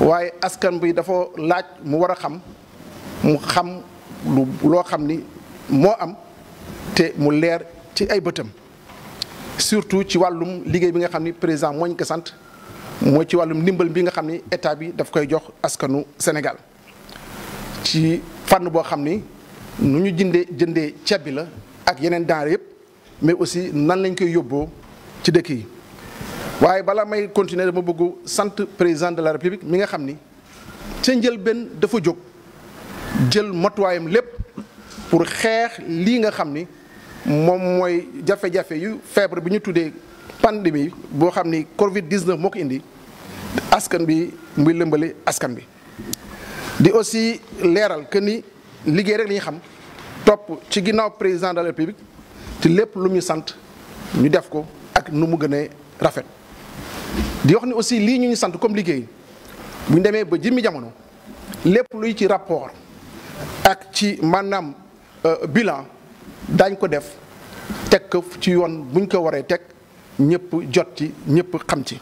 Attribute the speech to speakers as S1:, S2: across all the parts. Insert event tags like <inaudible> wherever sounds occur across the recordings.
S1: waaye askan bi dafa laaj mu war a xam mu xam loo xam ni moo am te mu leer ci ay bëtam surtout ci wàllum liggéey bi nga xam ni président moo ñu ko sant mooy ci wàllum ndimbal bi nga xam ni état bi daf koy jox askanu Sénégal ci fànn boo xam ni nu ñu jëndee jëndee ceeb bi la ak yeneen denrées yëpp mais aussi nan lañ koy yóbboo ci dëkk yi. waaye bala may continuer dama bëgg sant président de la république mi nga xam ni ca njëlbéen dafa jóg jël matuwaayam lépp pour xeex lii nga xam ni moom mooy jafe-jafe yu feebar bi ñu tuddee pandémie boo xam ni Covid 19 moo ko indi askan bi muy lëmbale askan bi. di aussi leeral que ni liggéey rek li ñu xam topp ci ginnaaw président de la république te lépp lu ñu sant ñu def ko ak nu mu gënee rafet. di wax ni aussi lii ñu ñu sant comme liggéey bu ñu demee ba jëmmi jamono lépp luy ci rapport ak ci maanaam euh, bilan daañ ko def teg ko ci yoon buñ ko waree teg ñëpp jot ci ñëpp xam ci.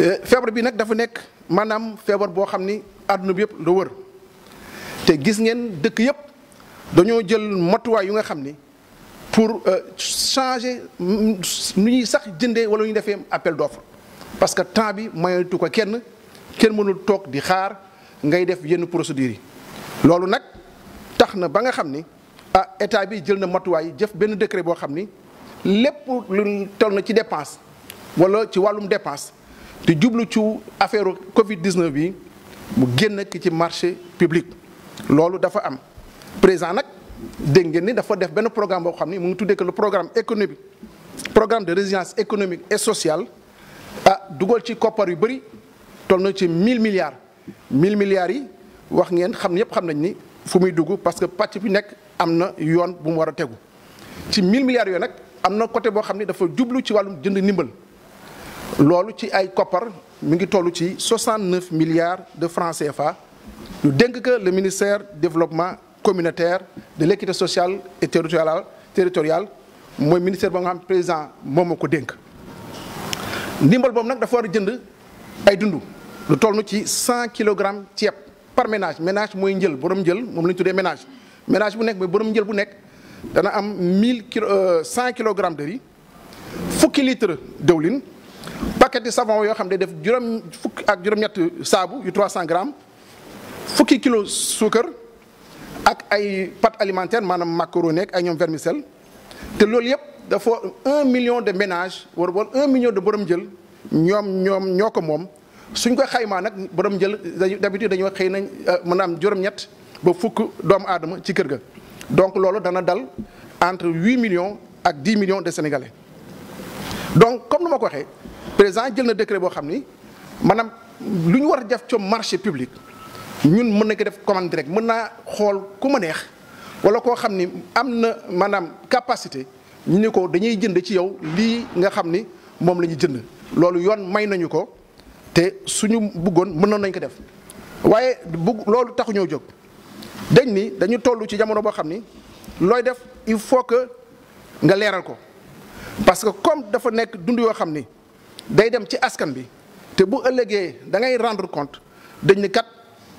S1: Euh, feebar bi nag dafa nekk maanaam feebar boo xam ni àdduna bi yëpp la wër te gis ngeen dëkk yëpp dañoo jël matuwaay yu nga xam ni. pour euh, changer nu ñuy sax jëndee wala ñu defee appel d'offre parce que temps bi mayatu ko kenn kenn mënul toog di xaar ngay def yenn procédures yi loolu nag tax na ba nga xam ni ah état bi jël na matuwaay jëf benn décret boo xam ni lépp lu toll na ci dépense wala ci wàllum dépense te jublu ci affaire Covid 19 bi mu génn ki ci marché public loolu dafa am présent nag. dégg ngeen ni dafa def benn programme boo xam ni mu ngi tuddee que le programme économique programme de résilience économique et sociale ah dugal ci koppar yu bëri toll na ci mille milliards mille milliards yi wax ngeen xam ñëpp xam nañ ni fu muy dugg parce que pàcc bi nekk am na yoon bu mu war a tegu ci 1000 milliards yooyu nag am na côté boo xam ni dafa jublu ci wàllum jënd ndimbal loolu ci ay koppar mu ngi toll ci 69 milliards de francs CFA ñu dénk que développement communautaire de l'équité sociale et territoriale territoriale mooy ministère ba nga xam président moom moo ko dénk. ndimbal boobu nag dafa war a jënd ay dund lu toll na ci 100 kilogrammes ceeb par ménage ménage mooy njël borom njël moom la ñu tuddee ménage ménage bu nekk mooy borom njël bu nekk dana am 1000 kilo 100 euh, kilogrammes de riz fukki litre dëwlin paquet de savon yoo xam ne def juróom fukk ak juróom-ñett saabu yu 300 grammes fukki kilo suukar ak ay pâtes alimentaire maanaam macaroni ak ay ñoom vermicelle te loolu yëpp dafa un million de ménage war wala un million de borom jël ñoom ñoom ñoo ko moom suñ ko xaymaa nag borom jël d'habitude dañoo xëy nañ euh, maanaam juróom-ñett ba fukk doomu aadama ci kër ga donc loolu dana dal entre huit million ak dix million de sénégalais donc comme nu ma ko waxee président jël na décret boo xam ni maanaam lu ñu war a def ci marché public. ñun mën na ko def commande rek mën naa xool ku ma neex wala koo xam ni am na maanaam capacité ñu ni ko dañuy jënd ci yow lii nga xam ni moom lañu jënd loolu yoon may nañu ko te suñu buggoon mënoon nañ ko def waaye bugg loolu taxu ñoo jóg dañ ni dañu toll ci jamono boo xam ni looy def il faut que nga leeral ko parce que comme dafa nekk dund yoo xam ni day dem ci askan bi te bu ëllëgee da ngay rendre compte dañ ni kat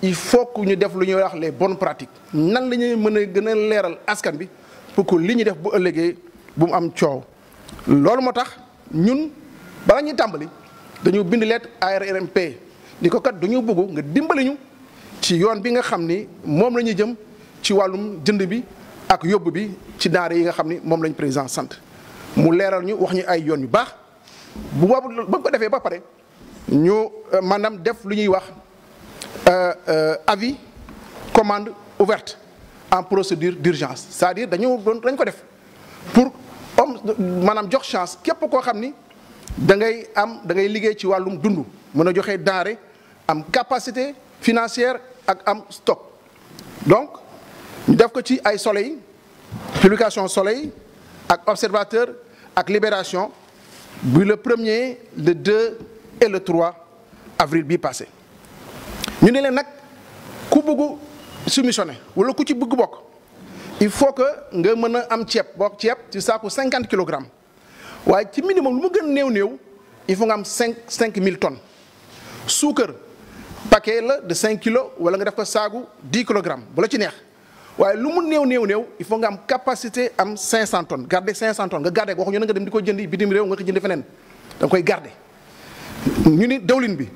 S1: il faut que ñu def lu ñuy wax les bonnes pratique nan la ñuy mën a gën a leeral askan bi pour que li ñu def bu ëllëgee bu mu am coow loolu moo tax ñun bala ñu tàmbali dañu bind lettre ARMP ni ko kat dañu bëgg nga dimbali ñu ci yoon bi nga xam ni moom lañu jëm ci wàllum jënd bi ak yóbbu bi ci denrées yi nga xam ni moom lañ président sant mu leeral ñu wax ñu ay yoon yu baax bu boobu ba ko defee ba pare ñu euh, maanaam def lu ñuy wax. Euh, euh, avis commande ouverte en procédure d'urgence c'est-à-dire dañu doon dañ ko def pour homme maanaam jox chance képp koo xam ni da ngay am da ngay liggéey ci wàllum dund mën a joxe denrée am capacité financière ak am stock donc ñu def ko ci ay soleil publication soleil ak observateur ak libération bu le premier le deux et le trois avril bi passé ñu ne leen nag ku bëgg soumissionné wala ku ci bëgg bokk il faut que nga mën a am ceeb boo ceeb ci saaku cinquante kilogrammes waaye ci minimum lu mu gën néew néew il faut nga am cinq cinq mille tonnes suukar paquet la de cinq kilos wala nga def ko saagu dix kilogrammes bu ci neex waaye lu mu néew néew néew il faut am capacité am cinq cent tonnes garder cinq cent tonnes nga garder waxuñu ne nga dem di ko jëndi bitim réew nga ko jëndi feneen da koy garde ñu ni dawlin bi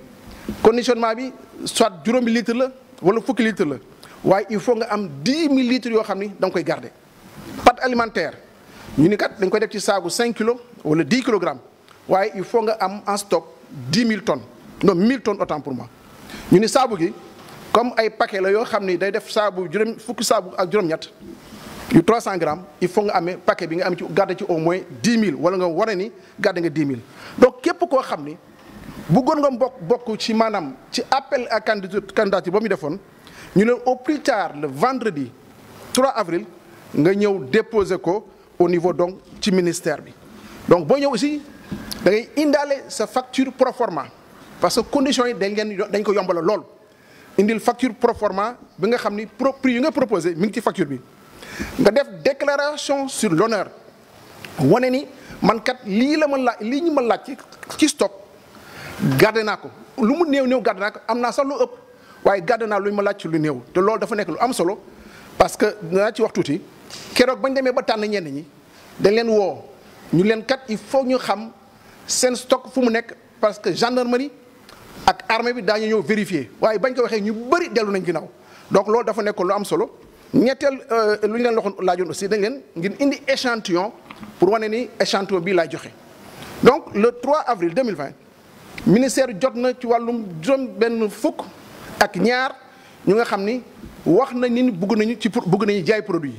S1: conditionnement bi soit juróomi litre la wala fukki litre la waaye il faut nga am 10 000 litres yoo xam ni danga nga koy garder pâte alimentaire ñu ni kat dañ koy def ci saagu 5 kilos wala 10 kilogrammes waaye il faut nga am en stock 10 000 tonnes non 1000 tonnes autant pour moi ñu ni saabu gi comme ay paquet la yoo xam ni day def saabu juróom fukki saabu ak juróom-ñett yu 300 grammes il faut nga amee paquet bi nga am ci garder ci au moins 10 000 wala nga wane ni garder nga 10 000 donc képp koo xam ni. buggoon nga bokk bokk ci maanaam ci appel à candidature candidature ba mu defoon ñu ne au plus tard le vendredi trois avril nga ñëw déposer ko au niveau donc ci ministère bi donc boo ñëw aussi da ngay indaale sa facture proforma parce que conditions yi dañ leen dañ ko yombala lool indil facture proforma bi nga xam ni pro prix yu nga proposé mi ngi ci facture bi nga def déclaration sur l'honneur wane ni man kat lii la ma laaj lii ñu ma laaj ci stock gardé naa ko lu mu néew néew gardé naa ko am naa sax lu ëpp waaye gardé naa lu ma laaj ci lu néew te loolu dafa nekk lu am solo parce que danaa ci wax tuuti keroog bañ demee ba tànn ñenn ñi dañ leen woo ñu leen kat il faut ñu xam seen stock fu mu nekk parce que gendarmerie ak armée bi daañu ñëw vérifier waaye bañ ko waxee ñu bëri dellu nañ naw donc loolu dafa nekk lu am solo ñetteel euh, lu ñu leen loxo laajoon aussi dañ leen ngir indi échantillon pour wane ni échantillon bii laay joxe donc le 3 avril 2020. ministère jot na ci wàllum juróom benn fukk ak ñaar ñu nga xam ni wax nañ ni bugg nañu ci bugg nañu jaay produit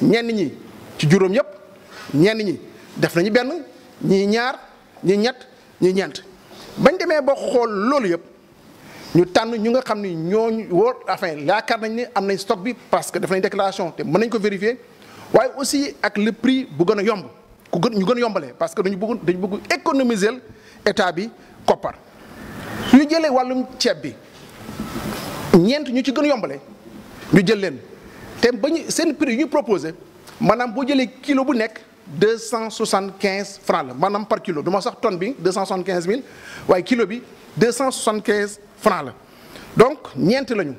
S1: yi ñenn ñi ci juróom yëpp ñenn ñi def nañu benn ñii ñaar ñii ñett ñii ñeent bañ demee ba xool loolu yëpp ñu tànn ñu nga xam ni ñu wóor enfin yaakaar nañ ni am nañ stock bi parce que def nañ déclaration te mën nañ ko vérifier waaye aussi ak le prix bu gën a yomb ku gën ñu gën a yombalee parce que dañu bëgg dañu bëgg économiser état bi koppar su ñu jëlee wàllum ceeb bi ñeent ñu ci gën yombale ñu jël leen te ba ñu seen prix yu ñu proposé maanaam boo jëlee kilo bu nekk deux cent soixante quinze franc la maanaam par kilo du sax tonne bi deux cent soixante quinze mille waaye kilo bi deux cent soixante quinze franc la donc ñeent lañu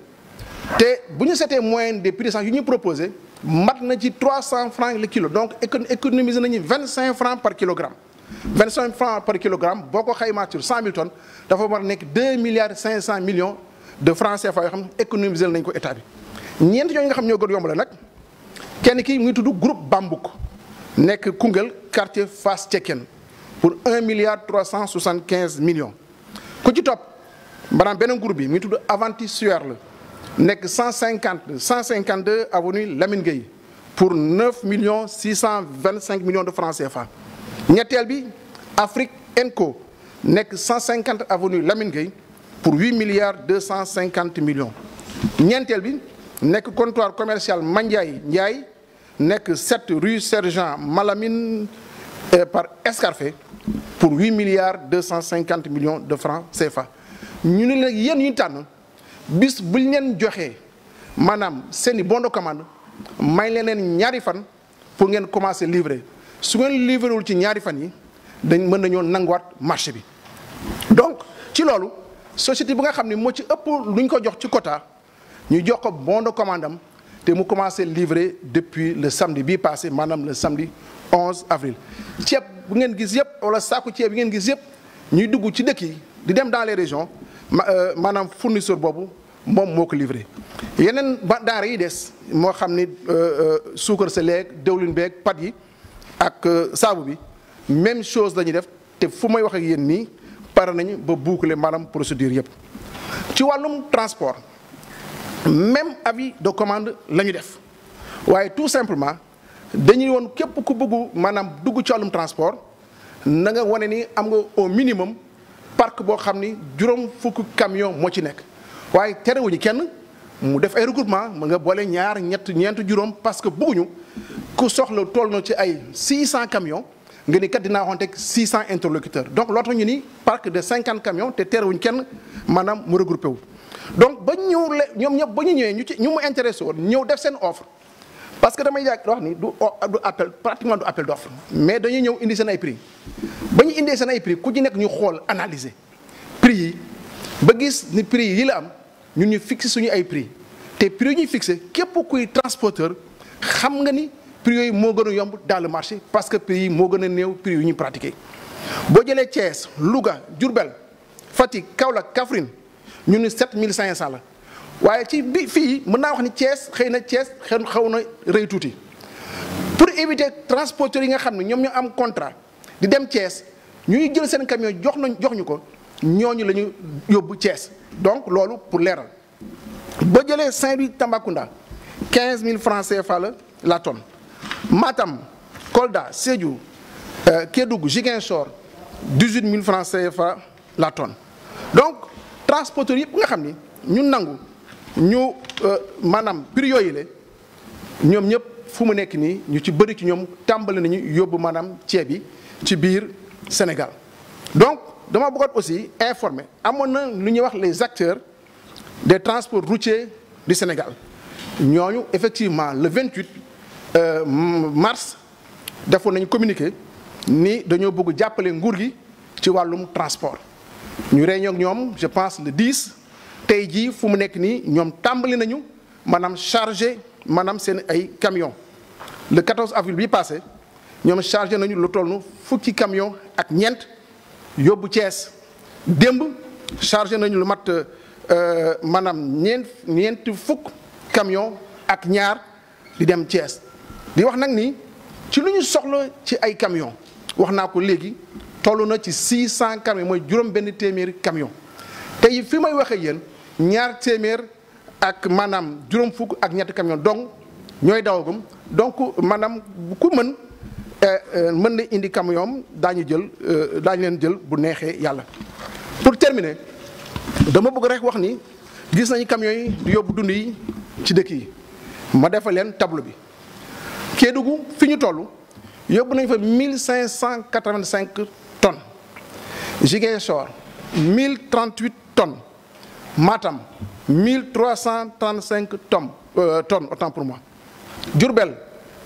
S1: te bu ñu seetee moyenne des prix sax yu ñu proposé mat na ci trois cent franc le kilo donc économiser nañu vingt cinq franc par kilogramme. vingt cinq francs par kilogramme boo ko xaymaa sur cent mille tonnes dafa war a nekk deux milliards cinq cent millions de francs CFA yoo xam ne nañ ko état bi. ñeent ñooñu nga xam ñoo gën yomb la nag kenn kii mu ngi tudd group Bambouk nekk Koungheul quartier Fass Cekkeen pour un milliard trois cent soixante quinze millions ku ci topp maanaam beneen groupe bi mu ngi tudd Avanti Sueur la nekk cent cinquante cent cinquante deux avenue Lamine Gueye pour neuf millions six cent vingt cinq millions de francs CFA. ñetteel bi Afrique Enco nekk 150 avenue Lamine Gueye pour 8 milliards 250 millions ñeenteel bi nekk comptoir commercial Mandiaye Ndiaye nekk 7 rue Sergent Malamine euh, par Escarfé pour 8 milliards 250 millions de francs CFA ñu ne nag yéen ñu tànn bis buñ leen joxee maanaam seen i bon de commande may leen ñaari fan pour ngeen commencer livrer. su ngeen livrewul ci ñaari fan yi dañ mën nañoo nanguwaat marché bi donc ci loolu société bi nga xam ne moo ci ëpp lu ko jox ci quota ñu jox ko bon de commande am te mu commencé livrer depuis le samedi bii passé maanaam le samedi 11 avril ceeb bu ngeen gis yëpp wala saaku ceeb bi ngeen gis yëpp ñuy dugg ci dëkk yi di dem dans les régions euh, maanaam fournisseur boobu moom moo ko livré yeneen ba daara yi des moo xam ni euh, euh, suukar sa leeg dëwlin beeg pat yi ak euh, saabu bi même chose la def te fu may wax ak yéen nii pare nañu ba boucler maanaam procédure yëpp ci wàllum transport même avis de commande la ñu def waaye tout simplement dañuy woon képp ku bëggu maanaam dugg ci wàllum transport na nga wane ni am nga au minimum parc boo xam ni juróom fukk camion moo ci nekk waaye terewuñu kenn mu def ay regroupement mu nga boole ñaar ñett ñeent juróom parce que bëgguñu ku soxla toll na ci ay 600 camions nga ni kat dinaa waxoon teg 600 interlocuteurs donc loo tax ñu ni parc de 50 camions te teerewuñ kenn maanaam mu regroupé wu. donc ba ñu le ñoom ñëpp ba ñu ñëwee ñu ci ñu mu intéressé woon ñëw def seen offre parce que damay yàgg wax ni du du appel pratiquement du appel d'offre mais dañuy ñëw indi seen ay prix ba ñu indee seen ay prix ku ci nekk ñu xool analyser prix yi ba gis ni prix yi la am. ñun ñu fixé suñu ay prix te prix yi ñuy fixé képp kuy transporteur xam nga ni prix yooyu moo gën a yomb dans le marché parce que prix yi moo gën a néew prix yu ñuy pratiqué. boo jëlee Thiès Louga Diourbel Fatick Kaolack Kaffrine ñu ni 7500 la waaye ci bi fii mën naa wax ni Thiès xëy na cees xen xaw na rëy tuuti pour éviter transporteurs yi nga xam ne ñoom ñu am contrat di dem ñu ñuy jël seen camion jox nañ jox ñu ko ñooñu la ñu yóbbu cees donc loolu pour leeral ba jëlee Saint-Louis Tambacounda 15 000 francs CFA la la tonne Matam Kolda Sédhiou euh, Kédougou Ziguinchor 18 000 francs CFA la tonne donc transporteurs yëpp nga xam ni ñu nangu ñu euh, maanaam prix yooyu la ñoom ñëpp fu mu nekk nii ñu ci bëri ci ñoom tàmbali nañu yóbbu maanaam ceeb yi ci biir Sénégal donc. dama bëggoon aussi informer amoon na lu ñuy wax les acteurs des transport routiers du Sénégal ñooñu effectivement le 28 euh, mars defoon nañu communiqué ni dañoo bëgg jàppale nguur gi ci wàllum transport. ñu réunion ñoom je pense le 10 tey jii fu mu nekk nii ñoom tàmbali nañu maanaam chargé maanaam seen ay camions le 14 avril bi passé ñoom chargé nañu lu toll fukki camion ak ñeent. yóbbu cees démb chargé nañu lu mat euh, maanaam ñeent ñeenti fukk camion ak ñaar di dem Thiès di wax nag ni ci lu ñu soxla ci ay camion wax naa ko léegi toll na ci 600 camions mooy juróom benn téeméeri camion tey fi may waxe yéen ñaar téeméer ak maanaam juróom fukk ak ñetti camion donc ñooy dawagum donc maanaam ku mën Euh, mën na indi camion daañu jël euh, daañ leen jël bu neexee yàlla. pour terminer dama bëgg rek wax ni gis nañu camion yi di yóbbu dund yi ci dëkk yi ma defal leen tableau bi Kédougou fi ñu toll yóbbu nañu fa 1585 tonnes Ziguinchor 1038 tonnes Matam 1335 tonnes euh, tonnes autant pour moi Diourbel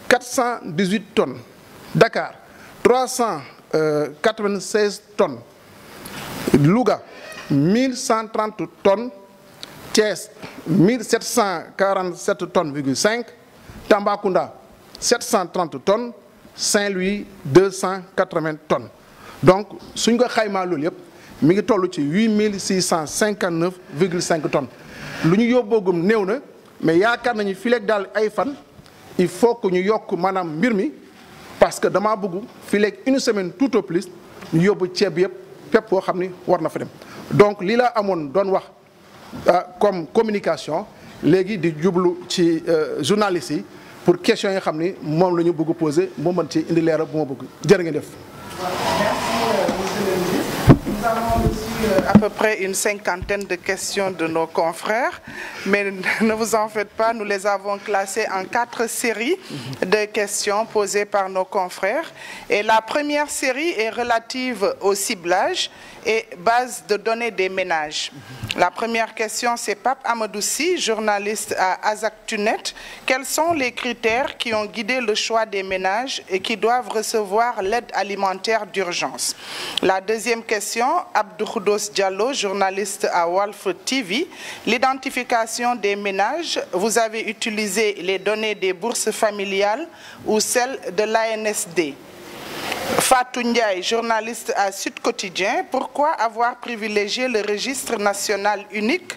S1: 418 tonnes Dakar 396 euh, tonnes Louga 1130 tonnes Thiès 1747 tonnes virgule 5 Tambacounda 730 tonnes Saint-Louis 280 tonnes donc suñ ko xaymaa loolu yëpp mi ngi toll ci 8659 virgule 5 tonnes lu ñu yóbboogum néew na mais yaakaar nañu fileeg daal ay fan il faut que ñu yokk maanaam mbir mi parce que damaa bëgg fii léegi une semaine tout au plus ñu yóbbu ceeb yëpp fépp koo xam ni war na fa dem donc lii laa amoon doon wax euh, comme communication léegi di jublu ci euh, journalistes yi pour question yi xam ni moom la ñu bëgg poser moo mën ci indi leeral bu ma bëgg jërë ngeen def.
S2: à peu près une cinquantaine de questions de nos confrères, mais <laughs> ne vous en faites pas, nous les avons en quatre séries de questions posées par nos confrères. Et la première série est relative au ciblage et base de données des ménages. La première question, c'est Pape Amadouci, journaliste à Azaktunet. Quels sont les critères qui ont guidé le choix des ménages et qui doivent recevoir l'aide alimentaire d'urgence Firdaus Diallo, journaliste à Walf TV. L'identification des ménages, vous avez utilisé les données des bourses familiales ou celles de l'ANSD. Fatou Ndiaye, journaliste à Sud Quotidien, pourquoi avoir privilégié le registre national unique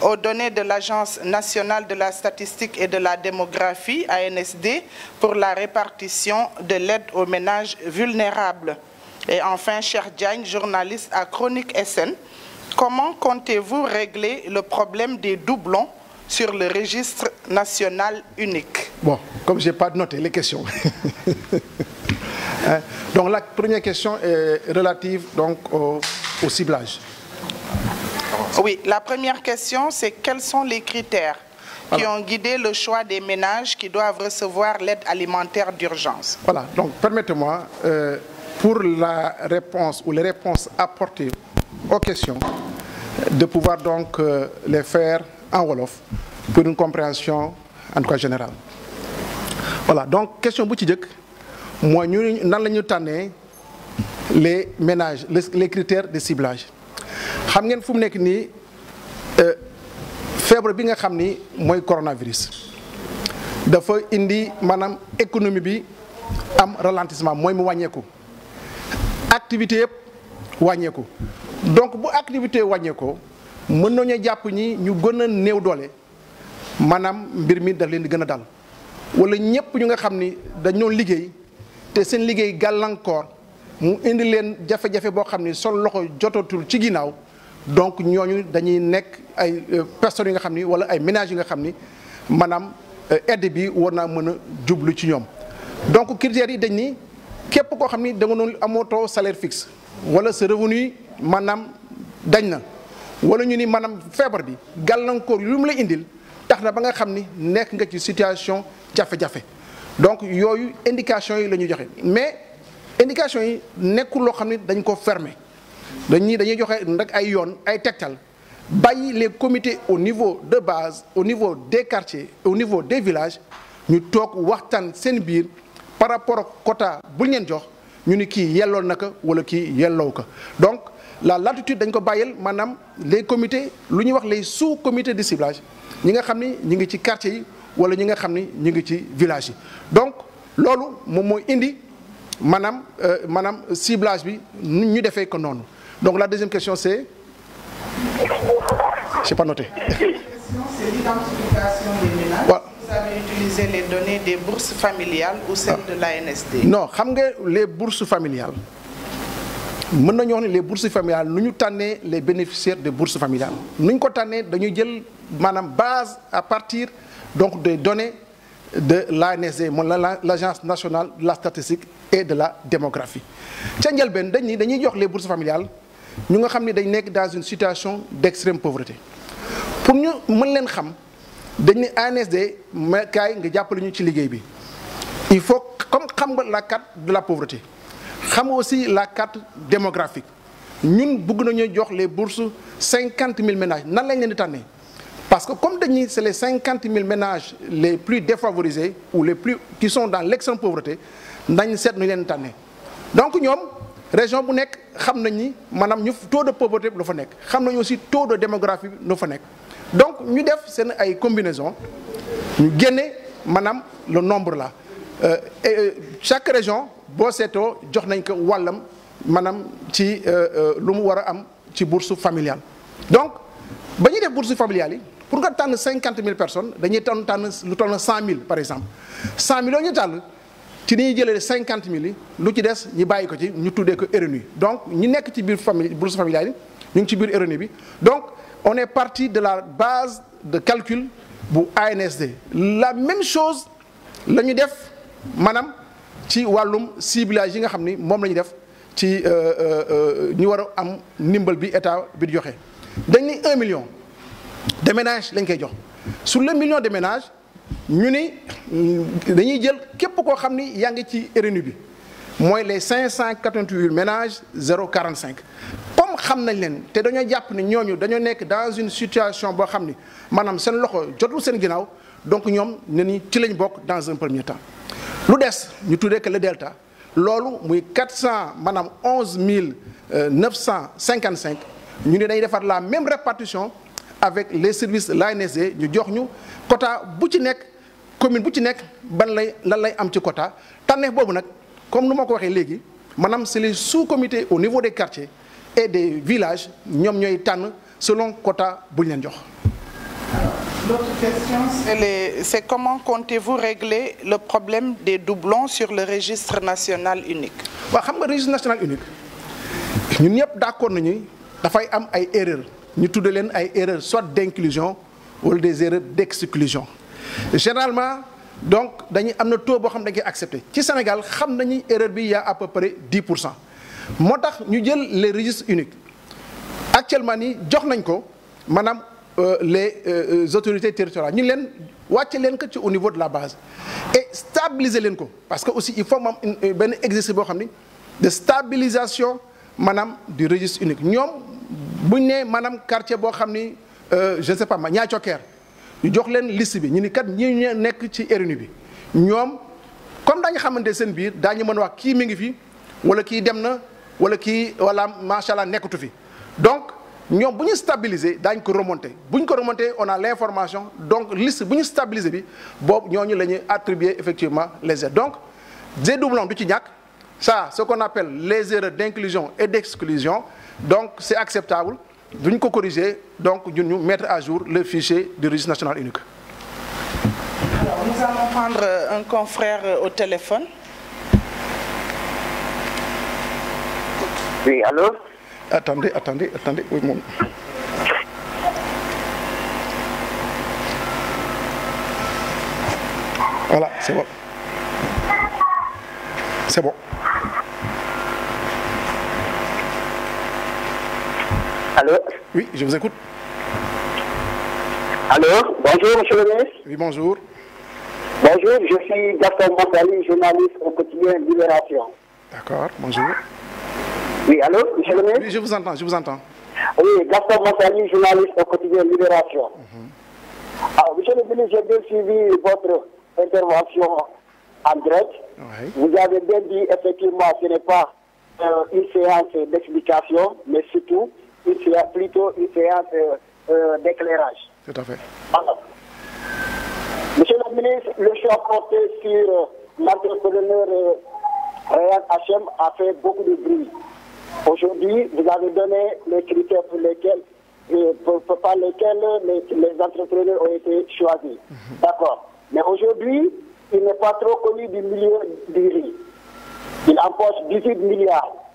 S2: aux données de l'Agence nationale de la statistique et de la démographie, ANSD, pour la répartition de l'aide aux ménages vulnérables Et enfin, Cher Diagne, journaliste à Chronique SN, comment comptez-vous régler le problème des doublons sur le registre national unique
S1: Bon, comme je n'ai pas noté les questions. <laughs>
S2: la première question est relative donc, au, au ciblage. Oui, la première question, c'est quels sont les critères qui voilà. ont guidé le choix des ménages qui doivent recevoir l'aide alimentaire d'urgence
S1: Voilà, donc permettez-moi, euh, pour la réponse ou les réponses apportées aux questions, de pouvoir donc euh, les faire en Wolof pour une compréhension en tout cas général Voilà, donc question bu ci jëkk mooy ñu nan la ñu tànnee les ménages les critères de ciblage xam ngeen fu mu nekk nii euh, feebar bi nga xam ni mooy coronavirus dafa indi maanaam économie bi am ralentissement mooy mu wàññeeku. activité yëpp wàññeeku donc bu activité wàññeekoo mën nañu jàpp ñi ñu gën a néew doole maanaam mbir mi daf leen di gën a dal wala ñëpp ñu nga xam ni dañoo liggéey te seen liggéey gàllankoor mu indi leen jafe-jafe boo xam ni sol loxo jotatul ci ginnaaw donc ñooñu dañuy nekk ay euh, personnes yi nga xam ni wala ay ménages yi nga xam ni maanaam euh, aide bi war naa mën a jublu ci ñoom donc critères yi dañ ni. képp koo xam ni da nga doon amootoo salaire fixe wala sa revenu maanaam dañ na wala ñu ni maanaam feebar bi gàllankoor yu mu la indil tax na ba nga xam ni nekk nga ci situation jafe-jafe donc yooyu indication yi la ñu joxe mais indication yi nekkul loo xam ni dañ ko fermer dañuy dañuy joxe rek ay yoon ay tegtal bàyyi les comités au niveau de base au niveau des quartiers au niveau des villages ñu toog waxtaan seen biir par rapport ak quota bu ñu leen jox ñu ni kii yelloon na ko wala kii yelloo ko donc la latitude dañ ko bàyyil maanaam les comités lu ñuy wax les sous comités de ciblage ñi nga xam ni ñu ngi ci quartier yi wala ñi nga xam ni ñu ngi ci village yi donc loolu moom mooy indi maanaam euh, maanaam ciblage bi ñu defee ko noonu donc la deuxième question c'est j'ai pas noté.
S2: vous avez utilisé les données des bourses familiales ou celles de l'ANSD.
S1: non xam nga les bourses familiale mën nañu wax ne les bourses familiales nu ñu tànnee les bénéficiaires de bourses familiales nu ñu ko tànnee dañuy jël maanaam base à partir donc des données de l'ANSD moom la l'agence nationale de la statistique et de la démographie ca njëlbeen dañ ni dañuy jox les bourses familiales ñu nga xam ne dañ nekk dans une situation d'extrême pauvreté pour ñu mën leen xam. dañu ne ANSD ma kaay nga jàppale ñu ci liggéey bi il faut comme xam nga la carte de la pauvreté xam aussi la carte démographique ñun bugg nañu jox les bourses cinquante mille ménages nan lañ leen di tànnee parce que comme dañuy c'est les cinquante mille ménages les plus défavorisés ou les plus qui sont dans l'extrême pauvreté nañ seet nu leen tànnee donc ñoom région bu nekk xam nañ ni maanaam ñu taux de pauvreté lu fa nekk xam nañu aussi taux de démographie lu fa nekk. donc ñu def seen ay combinaison ñu génne maanaam le nombre la euh, et euh, chaque région boo seetoo jox nañ ko wàllam maanaam ci euh, lu mu war a am ci bourse familiale donc ba ñu def bourse familiale yi pour nga tànn cinquante mille personnes dañuy tànn tànn lu toll na mille par exemple cent mille yooyu ñu tànn ci ni ñuy jëlee cinquante mille yi lu ci des ñu bàyyi ko ci ñu tuddee ko RNU donc ñu nekk ci biir famille bourse familiale yi ñu ngi ci biir RNU bi donc on partie de la base de calcul bu ANSD la même chose la ñu def maanaam ci wàllum ciblage yi nga xam ni moom la ñu def ci euh, euh, euh, ñu war am ndimbal bi état bi di joxe dañ ni un million de ménages lañ koy jox su le million de ménages ñu ni mm, dañuy jël képp koo xam ni yaa ngi ci RNU bi. mooy les 588 ménages 045 comme xam nañ leen te dañoo jàpp ne ñooñu dañoo nekk dans une situation boo xam ni maanaam seen loxo jotul seen ginnaaw donc ñoom ne ni ci lañ bokk dans un premier temps lu des ñu tuddee que le delta loolu muy 400 maanaam 11 955 ñu ne dañuy defar la même répartition avec les services l'ANSD ñu jox ñu quota bu ci nekk commune bu ci nekk ban lay lan lay am ci quota tànneef boobu nag comme nu ma ko waxee léegi maanaam c'est les sous comité au niveau des quartiers et des villages ñoom ñooy tànn selon quota bu leen jox.
S2: L'autre question, c'est comment comptez-vous régler le problème des doublons sur le registre national unique waaw xam nga registre national unique ñun ñëpp d'accord
S1: nañuy dafay am ay erreurs ñu tuddee leen ay erreurs soit d'inclusion wala des erreurs d'exclusion généralement donc dañuy am na taux boo xam ne koy accepté ci Sénégal xam nañu erreur bi à peu près 10 pour cent moo tax ñu jël les registres uniques actuellement nii jox nañ ko maanaam euh, les euh, euh, autorités territoriales ñu leen wàcce leen ko ci au niveau de la base et stabiliser leen ko parce que aussi il faut moom benn exercice boo xam ni de stabilisation maanaam du registre unique ñoom buñ nee maanaam quartier boo xam ni je ne sais pas ma ñaa cokkeer ñu jox leen liste bi ñu ni kat ñi nekk ci RNU bi ñoom comme daañu xamante seen biir daañu mën wax kii mi ngi fi wala kii dem na wala kii wala macha allah nekkatu fi donc ñoom bu ñu stabiliser daañu ko remonter bu ñu ko remonter on a l' information donc list bu ñu stabiliser bi boobu ñooñu la ñuy attribuer effectivement les aides donc des doublons du ci ñàkk ça ce qu'on appelle les erreurs d' inclusion et d' exclusion donc c' acceptable duñ ko corriger donc ñun ñu à jour le fichier du national unique.
S2: alors euh, un confrère euh, au téléphone.
S3: oui allô.
S1: attendez attendez attendez oui moom. voilà c'est bon c'est bon. Oui, je vous écoute. Allô, bonjour, monsieur le ministre. Oui, bonjour. Bonjour, je suis Gaston Massali, journaliste au quotidien Libération. D'accord, bonjour. Oui, allô, monsieur le ministre. Oui, je vous entends, je vous entends. Oui, Gaston Massali, journaliste au quotidien Libération. Mhm.
S3: Ah, monsieur le ministre, j'ai bien suivi votre intervention en direct. Vous avez bien dit, effectivement, ce n'est pas euh, une séance d'explication, mais surtout une une séance euh, euh, d'éclairage. Tout à fait. Alors, monsieur le ministre, le sur euh, l'entrepreneur Ryan Hachem a fait beaucoup de bruit. Aujourd'hui, vous avez donné les critères pour lesquels pour, lesquels les, les, entrepreneurs ont été
S1: choisis. Mhm. D'accord. Mais aujourd'hui, il n'est pas trop connu du milieu du riz. Il empoche 18 milliards.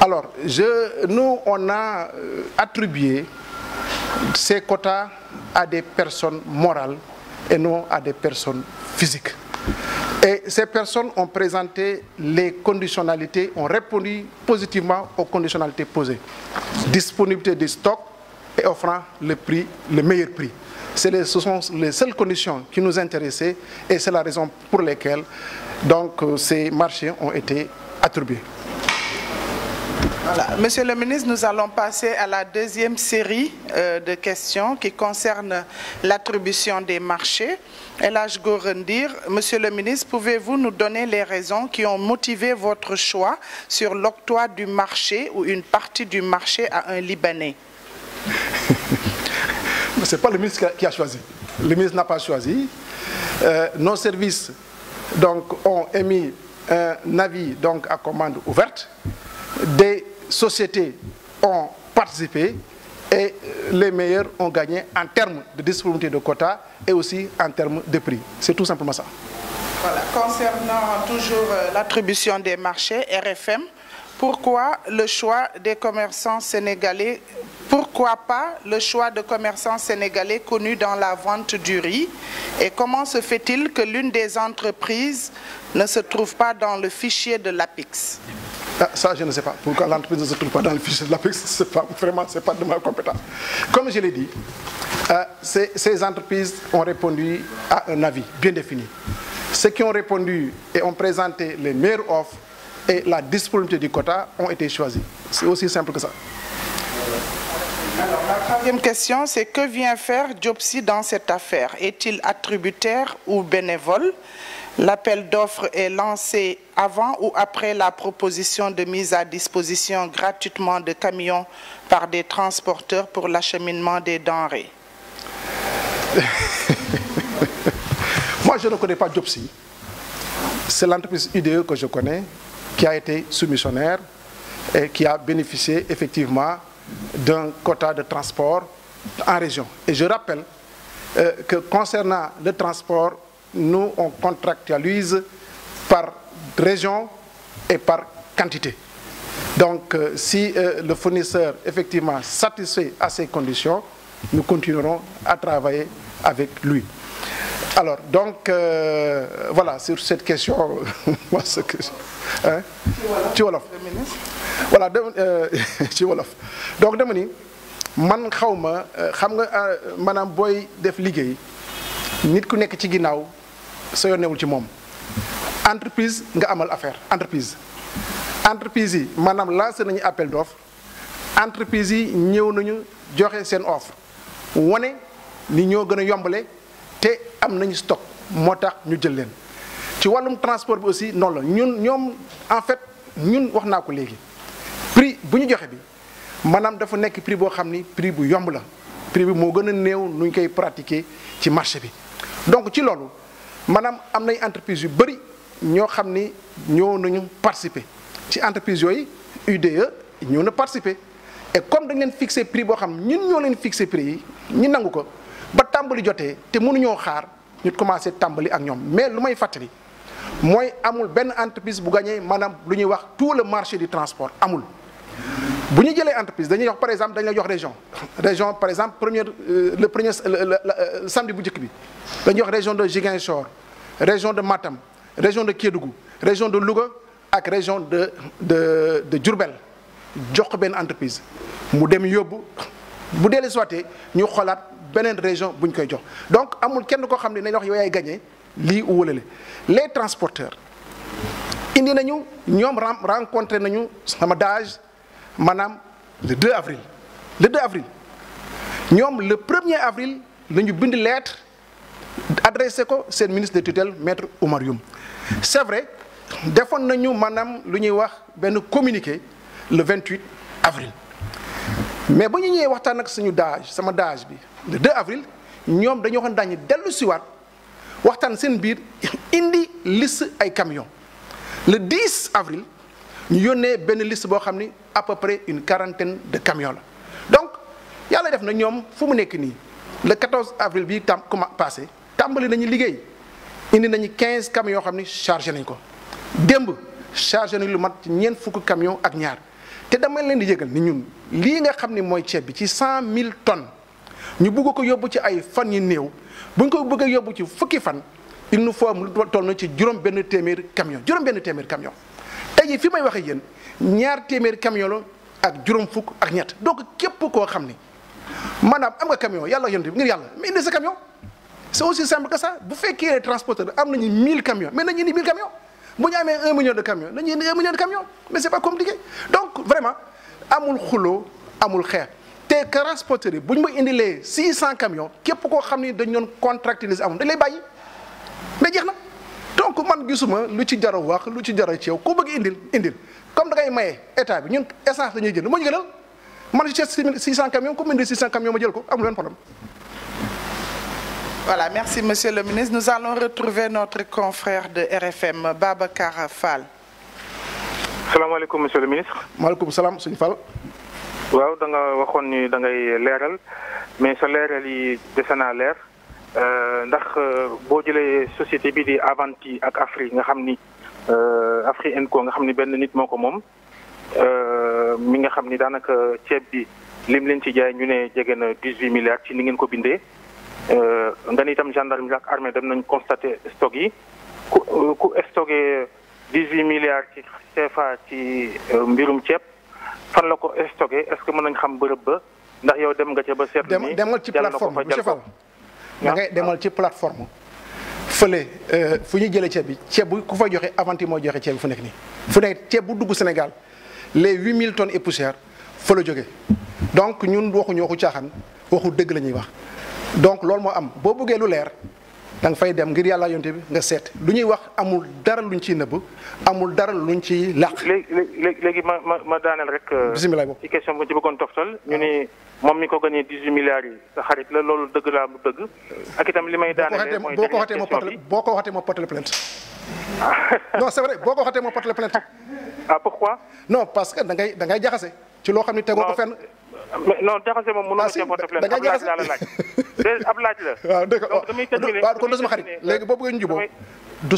S1: Alors, je, nous, on a euh, attribué ces quotas à des personnes morales et non à des personnes physiques. Et ces personnes ont présenté les conditionnalités, ont répondu positivement aux conditionnalités posées. Disponibilité des stocks et offrant le prix, le meilleur prix. Les, ce sont les seules conditions qui nous intéressaient et c'est la raison pour laquelle donc, euh, ces marchés ont été attribués. Voilà. Monsieur
S2: le ministre, nous allons passer à la deuxième série euh, de questions qui concerne l'attribution des marchés. Elhaj Gourendir, Monsieur le ministre, pouvez-vous nous donner les raisons qui ont motivé votre choix sur l'octroi du marché ou une partie du marché à un Libanais?
S1: <laughs> C'est pas le ministre qui a euh, nos services donc ont émis un avis donc à commande ouverte. Des sociétés ont participé et les meilleurs ont gagné en termes de disponibilité de quotas et aussi en termes de prix. C'est tout simplement ça.
S2: Voilà. Concernant toujours euh, l'attribution des marchés, RFM, pourquoi le choix des commerçants sénégalais pourquoi pas le choix de commerçants sénégalais connus dans la vente du riz Et comment se fait-il que l'une des entreprises ne se trouve pas dans le fichier de l'APIX
S1: ah ça je ne sais pas pourquoi l'entreprise ne se trouve pas dans le fichier de l'APEX c'est pas vraiment c'est pas de ma compétence comme je l'ai dit euh, ces ces entreprises ont répondu à un avis bien défini ceux qui ont répondu et ont présenté les meilleures offres et la disponibilité du quota ont été choisis c'est aussi simple que ça
S2: alors, la troisième question, c'est que vient faire Diopsi dans cette affaire? Est-il attributaire ou bénévole? L'appel d'offres est lancé avant ou après la proposition de mise à disposition gratuitement de camions par des transporteurs pour l'acheminement des denrées.
S1: <laughs> Moi, je ne connais pas Diopsi. C'est l'entreprise IDE que je connais, qui a été soumissionnaire et qui a bénéficié effectivement d'un quota de transport en région. Et je rappelle euh, que concernant le transport nous, on contractualise par région et par quantité. Donc, euh, si euh, le fournisseur, effectivement, satisfait à ces conditions, nous continuerons à travailler avec lui. Alors, donc, euh, voilà, sur cette question, <laughs> moi, ce que... Hein? de, euh, <laughs> Donc, dama ni man xaw ma euh, xam nga maanaam booy def liggéey nit ku nekk ci ginnaaw sa yoon newul ci moom entreprise nga amal affaire entreprise entreprise yi maanaam lancé nañu appel d'offre entreprise yi ñëw nañu joxe seen offre wane ni ñoo gën a yombale te am nañu stock moo tax ñu jël leen ci wàllum transport bi aussi noonu la ñun ñoom en fait ñun wax naa ko léegi prix bu ñu joxe bi maanaam dafa nekk prix boo xam ni prix bu yomb la prix bi moo gën a néew nu ñu koy pratiquer ci marché bi donc ci loolu maanaam am nay entreprise yu bëri ñoo xam ni ñoo nañu participer ci entreprise yooyu UDE ñëw na participer et comme dañ leen fixé prix boo xam ñun ñoo leen fixé prix yi ñu nangu ko ba tàmbali jotee te mënuñoo xaar ñu commencé tàmbali ak ñoom mais lu may fàttali mooy amul benn entreprise bu gagné maanaam lu ñuy wax tout le marché du transport amul. bu ñu jëlee entreprise dañuy wax par exemple dañu la jox région région par exemple première euh, le premier euh, euh, samedi bu njëkk bi dañuy wax région de Ziguinchor région de Matam région de Kédougou région de Louga ak région de de de Diourbel jox ko benn entreprise mu dem yóbbu bu dee soité ñu xoolaat beneen région bu ñu koy jox donc amul kenn ko xam ne nañ wax yow yaay gagné lii wóolale les transporteurs indi nañu ñoom rencontré nañu sama dage maanaam le 2 avril le 2 avril ñoom le premier avril la ñu bind lettre adressé ko seen ministre de tutelle maître Oumar est vrai defoon nañu maanaam lu ñuy wax benn communiqué le 28 avril mais ba ñu ñëwee waxtaan ak suñu daaj sama daaj bi le 2 avril ñoom dañoo waxoon daañu dellu waat waxtaan seen biir indi liste ay camion le 10 avril ñu yónnee benn list boo xam ni à peu près une quarantaine de camions la donc yàlla def na ñoom fu mu nekk nii le 14 avril bii tam comment passé tàmbali nañu liggéey indi nañu 15 camions yoo xam ni chargé nañ ko démb chargé nañ lu mat ci ñeent fukk camion ak ñaar te dama leen di yëgal ni ñun lii nga xam ni mooy ceeb bi ci cent mille tonnes ñu bugg ko yóbbu ci ay fan yu néew bu ñu ko bëggee yóbbu ci fukki fan il nous faut mu toll na ci juróom benn téeméer camion juróom benn téeméer camion tey jii fi may waxee yéen ñaar téeméeri camion la ak juróom fukk ak ñett donc képp koo xam ni maanaam am nga camion yàlla yonent bi ngir yàlla mais indi sa camion c'est aussi bu fekkee transporteur am nañu 1000 camions mais nañu indi 1000 camions bu ñu amee 1 million de camions nañu indi 1 million de mais c'est pas compliqué donc vraiment amul xuloo amul xeex te transporteur yi bu ñu ma indilee 600 camions képp koo xam ni dañu doon contractualiser amul dañ lay bàyyi mais jeex na. donc man gisuma lu ci jar a wax lu ci jar a ceew ku bëgg indil indil comme dangay ngay maye état bi ñun essence dañuy jënd moo ñu gënal man ci seet 600 camions ku mu indi 600 ma jël ko amul benn problème.
S2: Voilà, merci Monsieur le ministre. Nous allons retrouver notre confrère de RFM, Babacar Fall.
S3: salaamaaleykum monsieur le ministre. maaleykum salaam
S1: suñu
S2: Fall.
S3: waaw da nga waxoon ni da leeral mais sa leeral yi dese naa leer. Euh, ndax euh, boo jëlee société bi di Avanti ak Afri nga xam ni euh, Afri Enco nga xam ni benn nit moo ko moom mi nga xam ni daanaka ceeb bi lim leen ci jaay ñu ne jege na dix huit milliards ci ni ngeen ko bindee nga ni itam gendarme ak armée dem nañ constaté stock yi ku ku stocké dix huit milliards ci CFA ci mbirum ceeb fan la ko stocké est-ce que mën nañ xam bërëb ba ndax yow dem nga ca ba seetlu ni demal ci plateforme bi
S1: da ngay demal ci plateforme fële euh, fu ñu jëlee ceeb bi ceeb bu ku fay joxe avanti moo joxe ceeb bi fu nekk nii fu nekk ceeb bu dugg Sénégal les mille tonnes et poussière fo la jóge donc ñun waxuñu waxu caaxaan waxu dëgg la ñuy wax donc loolu moo am boo bëggee lu leer da nga fay dem ngir yàlla yonte bi nga seet lu ñuy wax amul dara luñ ciy nëbb amul dara luñ ci làq.
S3: léegi léegi ma ma ma daaneel rek. Euh, bisimilah ci question bu ci bëggoon toftal ñu ni moom mi ko gagné dix huit milliards yi sa xarit la loolu dëgg laa lu dëgg. ak itam li may daanelee mooy ko waxatee ma boo ko waxatee ma
S1: boo ko waxatee ma porte plainte. ah pourquoi. parce que da ngay da ngay jaxase. ci loo xam ne tegoo ko fenn.
S3: non moom mënuma ah, cee porte plainte ab laaj laa la laaj. déedéet <laughs> ab laaj la.
S1: waaw dëgg waaw waaw kon du sama léegi boobu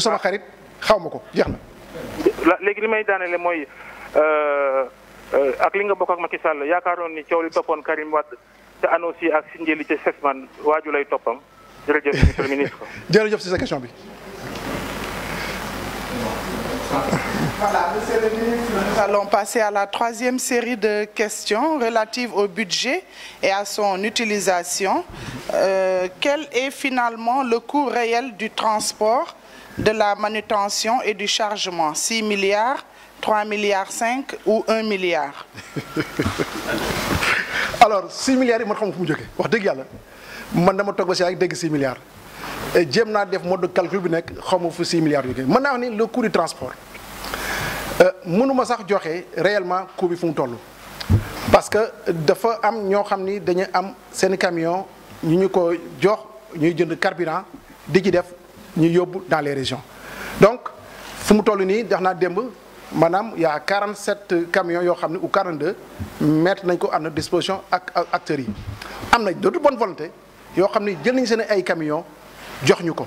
S1: ma ah. ko jeex
S3: na. mooy. Euh, Euh, ak li nga bokk ak Macky Sall yaakaaroon ni coow li toppoon Karim Wade te annoncé ak si njëli ci sesman waaju lay toppam jërëjëf monsieur le ministre.
S1: <laughs> jërëjëf si sa question
S3: bi.
S2: Voilà, monsieur le ministre, nous allons passer à la troisième série de questions relatives au budget et à son utilisation. Euh, quel est finalement le coût réel du transport, de la manutention et du chargement? 6 milliards 3 milliards 5 ou 1 milliard.
S1: <laughs> alors 6 milliards yi man xam fu mu jógee wax dëgg yàlla man dama toog ba si ak dégg 6 milliards jéem naa def mode de calcul bi nekk xamu fu 6 milliards jógee mën naa wax ni le coût du transport euh, mënuma sax joxe réellement coût bi fu mu toll. parce que dafa am ñoo xam ni dañu am seen camion ñu ñu ko jox ñuy jënd carburant di ci def ñu yóbbu dans les régions donc fu mu nii dax naa démb. maanaam y' a 47 camions yoo xam ne ou 42 mettre nañ ko am notre disposition ak acteurs yi am na d'autres bonne volonté yoo xam ne jël nañ seen ay camions jox ñu ko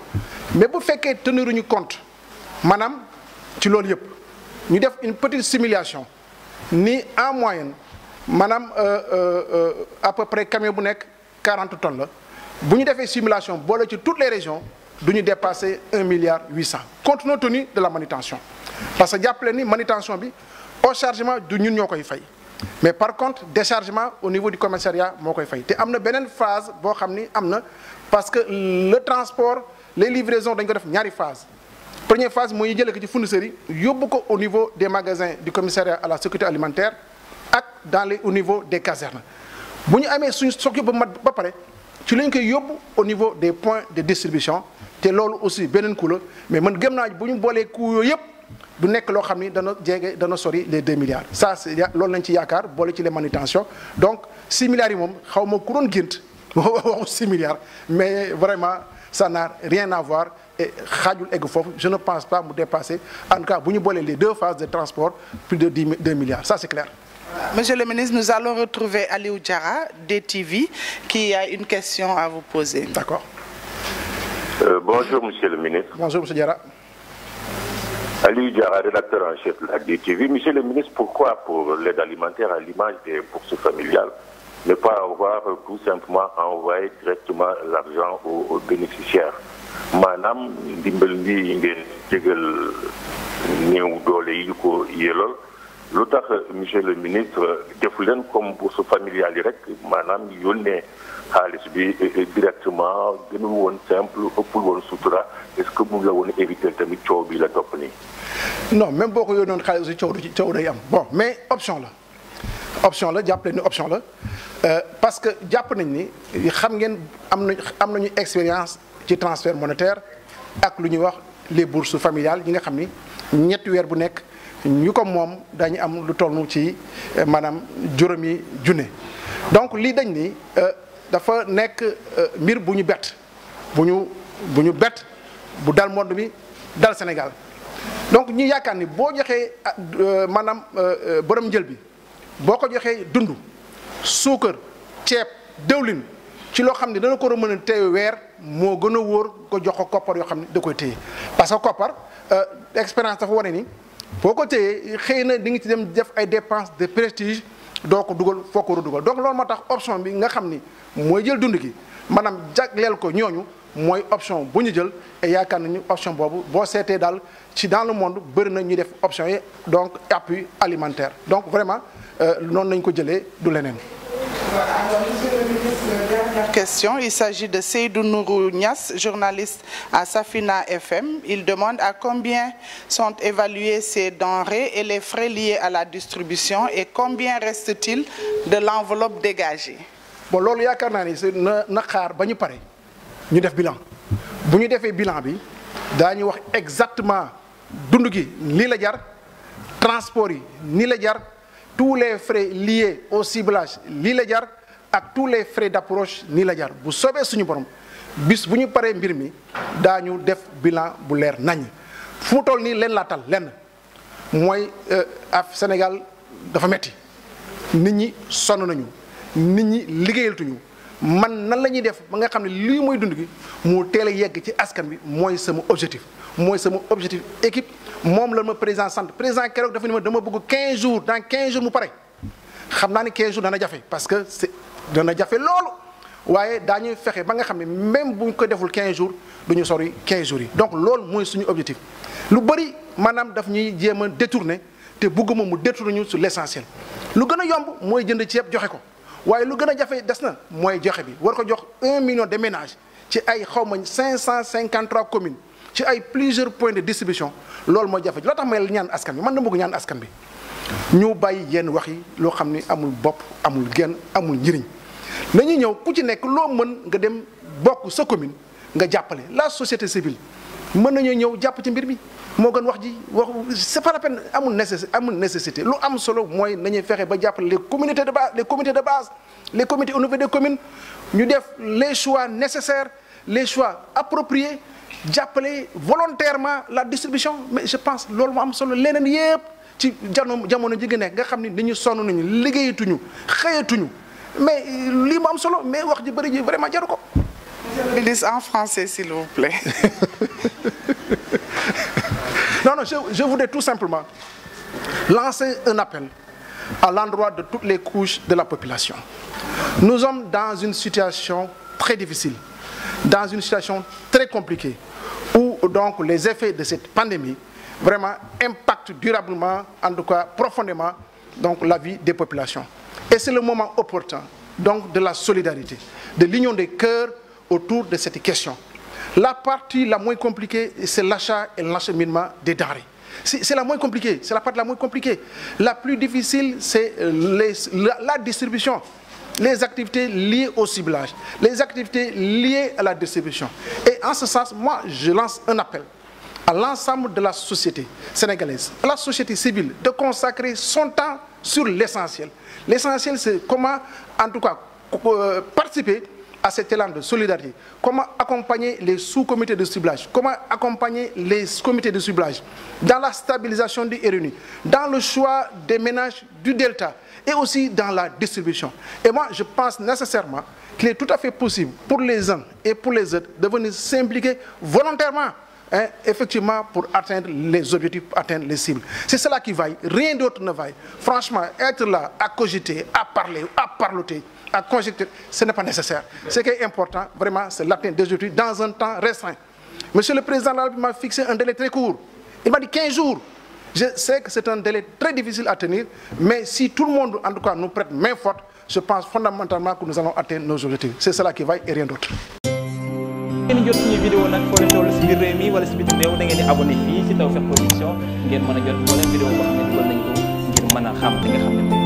S1: mais bu fekkee ñu compte maanaam ci loolu yëpp ñu def une petite simulation ni en moyen maanaam euh, euh, euh, à peu près camion bu nekk 40 tonnes la bu ñu defee simulation boole ci toutes les régions du ñu dépasser 1 milliard 800 compte tenu de la manutention. parce que jàpp leen ni manutention bi au chargement du ñun ñoo koy fay mais par contre déchargement au niveau du commissariat moo koy fay te am na beneen phase boo xam ni am na parce que le transport les livraisons dañ ko def ñaari phase première phase mooy jëlee ko ci fournisseurs yi yóbbu ko au niveau de magasins du commissariat à la sécurité alimentaire ak dans les au niveau des casernes bu ñu amee suñu soog yóbbu mat ba pare ci lañ koy yóbbu au niveau des points de distribution te loolu aussi beneen coût mais man gëm naa bu ñu boolee coût yooyu yëpp. bu nekk loo xam ni dana jege dana sori les 2 milliards ça c'est loolu lañ ci yaakaar boole ci les manutentions donc 6 milliards yi moom xaw ma ku doon gént <laughs> waxu 6 milliards mais vraiment sa n'a rien à voir et xaajul egg foofu je ne pense pas mu dépasser
S2: en tout cas bu ñu boolee les deux phases de transport plus de 10 2 milliards ça c'est clair Monsieur le ministre, nous allons retrouver Aliou Diara, DTV, qui a une question à vous poser.
S3: D'accord. Euh, bonjour, monsieur le ministre. Bonjour, monsieur Aliou Diarra, rédacteur en chef de la DTV. Monsieur le ministre, pourquoi pour l'aide alimentaire à l'image des bourses familiales ne pas avoir tout simplement envoyé directement l'argent aux, aux bénéficiaires maanaam ndimbal lii yi ngeen jégal néew doole yi ko yelool lu tax monsieur le ministre defu leen comme bourse familiale yi rek maanaam yónnee xaalis bi eh, eh, directement gënul woon simple ëppul woon sutura est que mun la woon éviter tamit coow bi la topp nii.
S1: non même boo ko yónnoon xaalis aussi coow du ci coow day am bon mais option la. option la jàpp leen ni option la euh, parce que jàpp nañ ni xam ngeen am nañ am nañu expérience ci transfert monetaire ak lu ñuy wax les bourses familiales yi nga xam ni ñetti weer bu nekk ñu ko moom dañu am lu toll ci eh, maanaam juróomi junne donc lii dañ ni. Euh, dafa nekk euh, mbir bu ñu bett bu ñu bu ñu bett bu dal monde bi dal Sénégal donc ñu yaakaar ni boo joxee euh, maanaam euh, borom njël bi boo ko joxee dund suukar ceeb dëwlin ci loo xam ne dana ko war a mën a téye weer moo gën a wóor ko jox ko koppar yoo xam ne da koy téye parce que koppar expérience dafa wane ni boo ko téyee xëy na di nga ci dem def ay dépenses de prestige doo ko dugal foo ko war a dugal donc loolu moo tax option bi nga xam ni. mooy jël dund gi maanaam jagleel ko ñooñu mooy option bu ñu jël et yaakaar nañu option boobu boo seetee daal ci dans le monde bëri na ñuy def option yi donc appui alimentaire donc vraiment euh, noonu lañ ko jëlee du leneen.
S2: question, il s'agit de Seydou Nourou Niass, journaliste à Safina FM. Il demande à combien sont évaluées ces denrées et les frais liés à la distribution et combien reste-t-il de l'enveloppe dégagée? bon loolu yaakaar naa ni na na xaar ba ñu pare
S1: ñu def bilan bu ñu defee bilan bi daañu wax exactement dund gi lii la jar transport yi nii la jar tous les frais lie au ciblage lii la jar ak tous les frais d'approche nii la jar bu soobee suñu borom bis bu ñu paree mbir mi daañu def bilan bu leer nañ fu toll nii leen laa tal lenn mooy euh, af Sénégal dafa metti nit ñi sonn nañu nit ñi liggéeyaltuñu man nan la ñuy def ba nga xam ne lii mooy dund gi mu teel a yegg ci askan bi mooy sama objectif mooy sama objectif équipe moom la ma président sant président keroog dafa ni ma dama bëgg quinze jours dans 15 jours mu xam naa ne 15 jours dana jafe parce que c'est dana jafe loolu waaye daañuy fexe ba nga xam ne même bu ñu ko deful 15 jours du ñu sori quinze jours yi donc loolu mooy suñu objectif lu bëri maanaam daf ñuy jéem a détourner te bëgguma mu détourner ñu sur l'essentiel lu gën a yomb mooy jënd ceeb joxe ko. waaye lu gën a jafe des na mooy joxe bi war ko jox un million de ménages ci ay xaw ma 553 communes ci ay plusieurs points de distribution lool mooy jafe loo tax may ñaan askan bi man dama bëgg ñaan askan bi ñu bàyyi yenn wax yi loo xam ni amul bopp amul genn amul njëriñ nañu ñëw ku ci nekk loo mën nga dem bokk sa commune nga jàppale la société civile mën nañoo ñëw jàpp ci mbir mi moo gën wax ji wax c'est pas la peine amul nécessité lu am solo mooy nañuy fexe ba jàppale les communautés de base les comités de base les comités au niveau des communes ñu def les choix nécessaires les choix appropriés jàppale volontairement la distribution mais je pense loolu mu am solo leneen yépp ci jamono jamono ji nekk nga xam ni dañu sonn nañu liggéeyatuñu
S2: xëyatuñu mais lii mu am solo mais wax ji bëri ji vraiment jaru ko. Ministre en français, s'il vous plaît. <laughs> non,
S1: non, je, je voudrais tout simplement lancer un appel à l'endroit de toutes les couches de la population. Nous sommes dans une situation très difficile, dans une situation très compliquée, où donc les effets de cette pandémie vraiment impactent durablement, en tout cas profondément, donc la vie des populations. Et c'est le moment opportun, donc de la solidarité, de l'union des cœurs autour de cette question. La partie la moins compliquée, c'est l'achat et l'acheminement des denrées. C'est la moins compliquée, c'est la partie la moins compliquée. La plus difficile, c'est euh, la, la distribution les activités liées au ciblage, les activités liées à la distribution. Et en ce sens, moi, je lance un appel à l'ensemble de la société sénégalaise, à la société civile, de consacrer son temps sur l'essentiel. L'essentiel, c'est comment, en tout cas, euh, participer à cet élan de solidarité Comment accompagner les sous-comités de ciblage Comment accompagner les comités de ciblage dans la stabilisation du RNU, dans le choix des ménages du Delta et aussi dans la distribution Et moi, je pense nécessairement qu'il est tout à fait possible pour les uns et pour les autres de venir s'impliquer volontairement effectivement pour atteindre les objectifs, pour atteindre les cibles. C'est cela qui vaille, rien d'autre ne vaille. Franchement, être à cogiter, à parler, à conjecture, ce n'est pas nécessaire. Ce qui est important, vraiment, c'est l'atteinte des outils dans un temps restreint. Monsieur le Président la République m'a fixé un délai très court. Il m'a dit jours. Je sais que c'est un délai très difficile à tenir, mais si tout le monde, en tout cas, nous prête main forte, je pense fondamentalement que nous allons atteindre nos objectifs. C'est cela qui vaille et rien d'autre.
S3: ngeen jot suñu vidéo nag foo leen toll si biir réew di